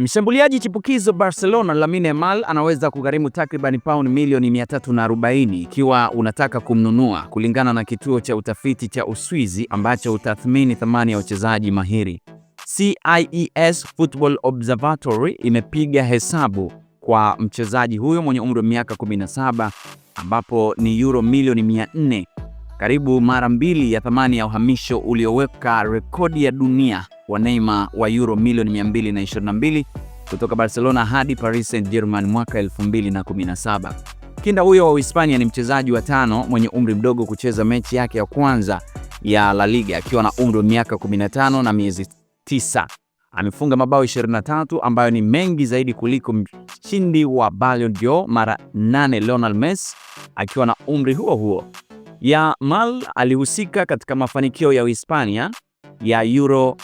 Mshambuliaji chipukizo Barcelona Lamine Yamal anaweza kugharimu takriban pauni milioni 340 ikiwa unataka kumnunua, kulingana na kituo cha utafiti cha Uswizi ambacho hutathmini thamani ya wachezaji mahiri. CIES Football Observatory imepiga hesabu kwa mchezaji huyo mwenye umri wa miaka 17 ambapo ni euro milioni 400, karibu mara mbili ya thamani ya uhamisho ulioweka rekodi ya dunia wa Neymar wa euro milioni 222 kutoka Barcelona hadi Paris Saint-Germain mwaka 2017. Kinda huyo wa Uhispania ni mchezaji wa tano mwenye umri mdogo kucheza mechi yake ya kwanza ya La Liga akiwa na umri wa miaka 15 na miezi 9. Amefunga mabao 23 ambayo ni mengi zaidi kuliko mshindi wa Ballon d'Or mara 8 Lionel Messi akiwa na umri huo huo. Yamal alihusika katika mafanikio ya Uhispania ya Euro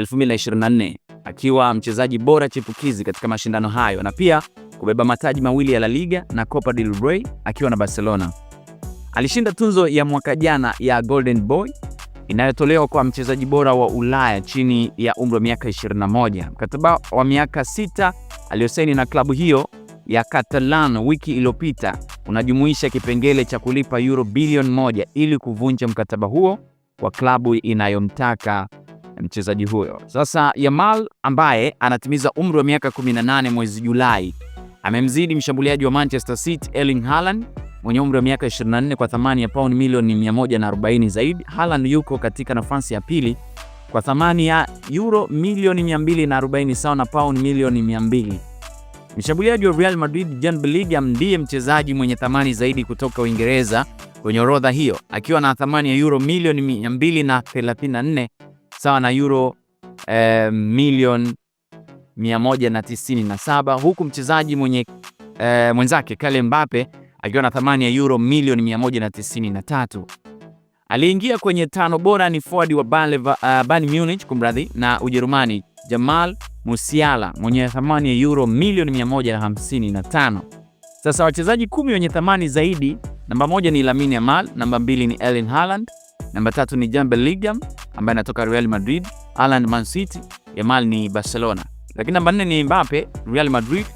2024 akiwa mchezaji bora chipukizi katika mashindano hayo na pia kubeba mataji mawili ya La Liga na Copa del Rey akiwa na Barcelona. Alishinda tunzo ya mwaka jana ya Golden Boy inayotolewa kwa mchezaji bora wa Ulaya chini ya umri wa miaka 21. Mkataba wa miaka sita aliyosaini na klabu hiyo ya Catalan wiki iliyopita unajumuisha kipengele cha kulipa euro bilioni moja ili kuvunja mkataba huo kwa klabu inayomtaka mchezaji huyo. Sasa Yamal ambaye anatimiza umri wa miaka 18 mwezi Julai amemzidi mshambuliaji wa Manchester City Erling Haaland mwenye umri wa miaka 24 kwa thamani ya pauni milioni 140 zaidi. Haaland yuko katika nafasi ya pili kwa thamani ya euro milioni 240 sawa na pauni milioni 200. Mshambuliaji wa Real Madrid Jude Bellingham ndiye mchezaji mwenye thamani zaidi kutoka Uingereza kwenye orodha hiyo akiwa na thamani ya euro milioni 234 sawa na euro eh, milioni 197 huku mchezaji mwenye eh, mwenzake Kylian Mbappe akiwa na thamani ya euro milioni 193. Aliingia kwenye tano bora ni forward wa eh, Bayern Munich kumradhi, na Ujerumani Jamal Musiala mwenye thamani ya euro milioni 155. Sasa wachezaji kumi wenye thamani zaidi, namba moja ni Lamine Yamal, namba mbili ni Erling Haaland, namba tatu ni Jude Bellingham, ambaye anatoka Real Madrid, Alan Man City, Yamal ni Barcelona. Lakini namba nne ni Mbappe Real Madrid,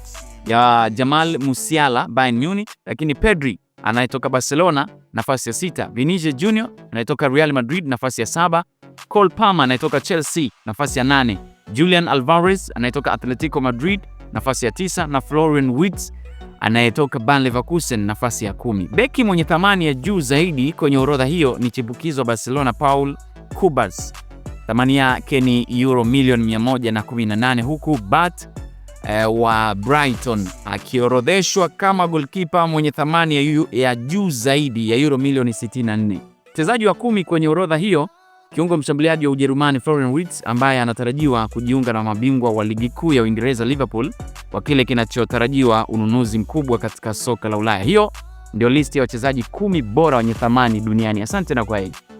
ya Jamal Musiala Bayern Munich, lakini Pedri anayetoka Barcelona nafasi ya sita, Vinicius Junior anayetoka Real Madrid nafasi ya saba, Cole Palmer anayetoka Chelsea nafasi ya nane, Julian Alvarez anayetoka Atletico Madrid nafasi ya tisa na Florian Wirtz anayetoka Bayer Leverkusen nafasi ya kumi. Beki mwenye thamani ya juu zaidi kwenye orodha hiyo ni chipukizo wa Barcelona Paul Kubas thamani yake ni euro milioni 118, huku Bat eh, wa Brighton akiorodheshwa kama golkipa mwenye thamani ya, yu, ya juu zaidi ya euro milioni 64. Mchezaji wa kumi kwenye orodha hiyo kiungo mshambuliaji wa Ujerumani Florian Wirtz ambaye anatarajiwa kujiunga na mabingwa wa ligi kuu ya Uingereza Liverpool kwa kile kinachotarajiwa ununuzi mkubwa katika soka la Ulaya. Hiyo ndio listi ya wachezaji kumi bora wenye thamani duniani. Asante na kwaheri.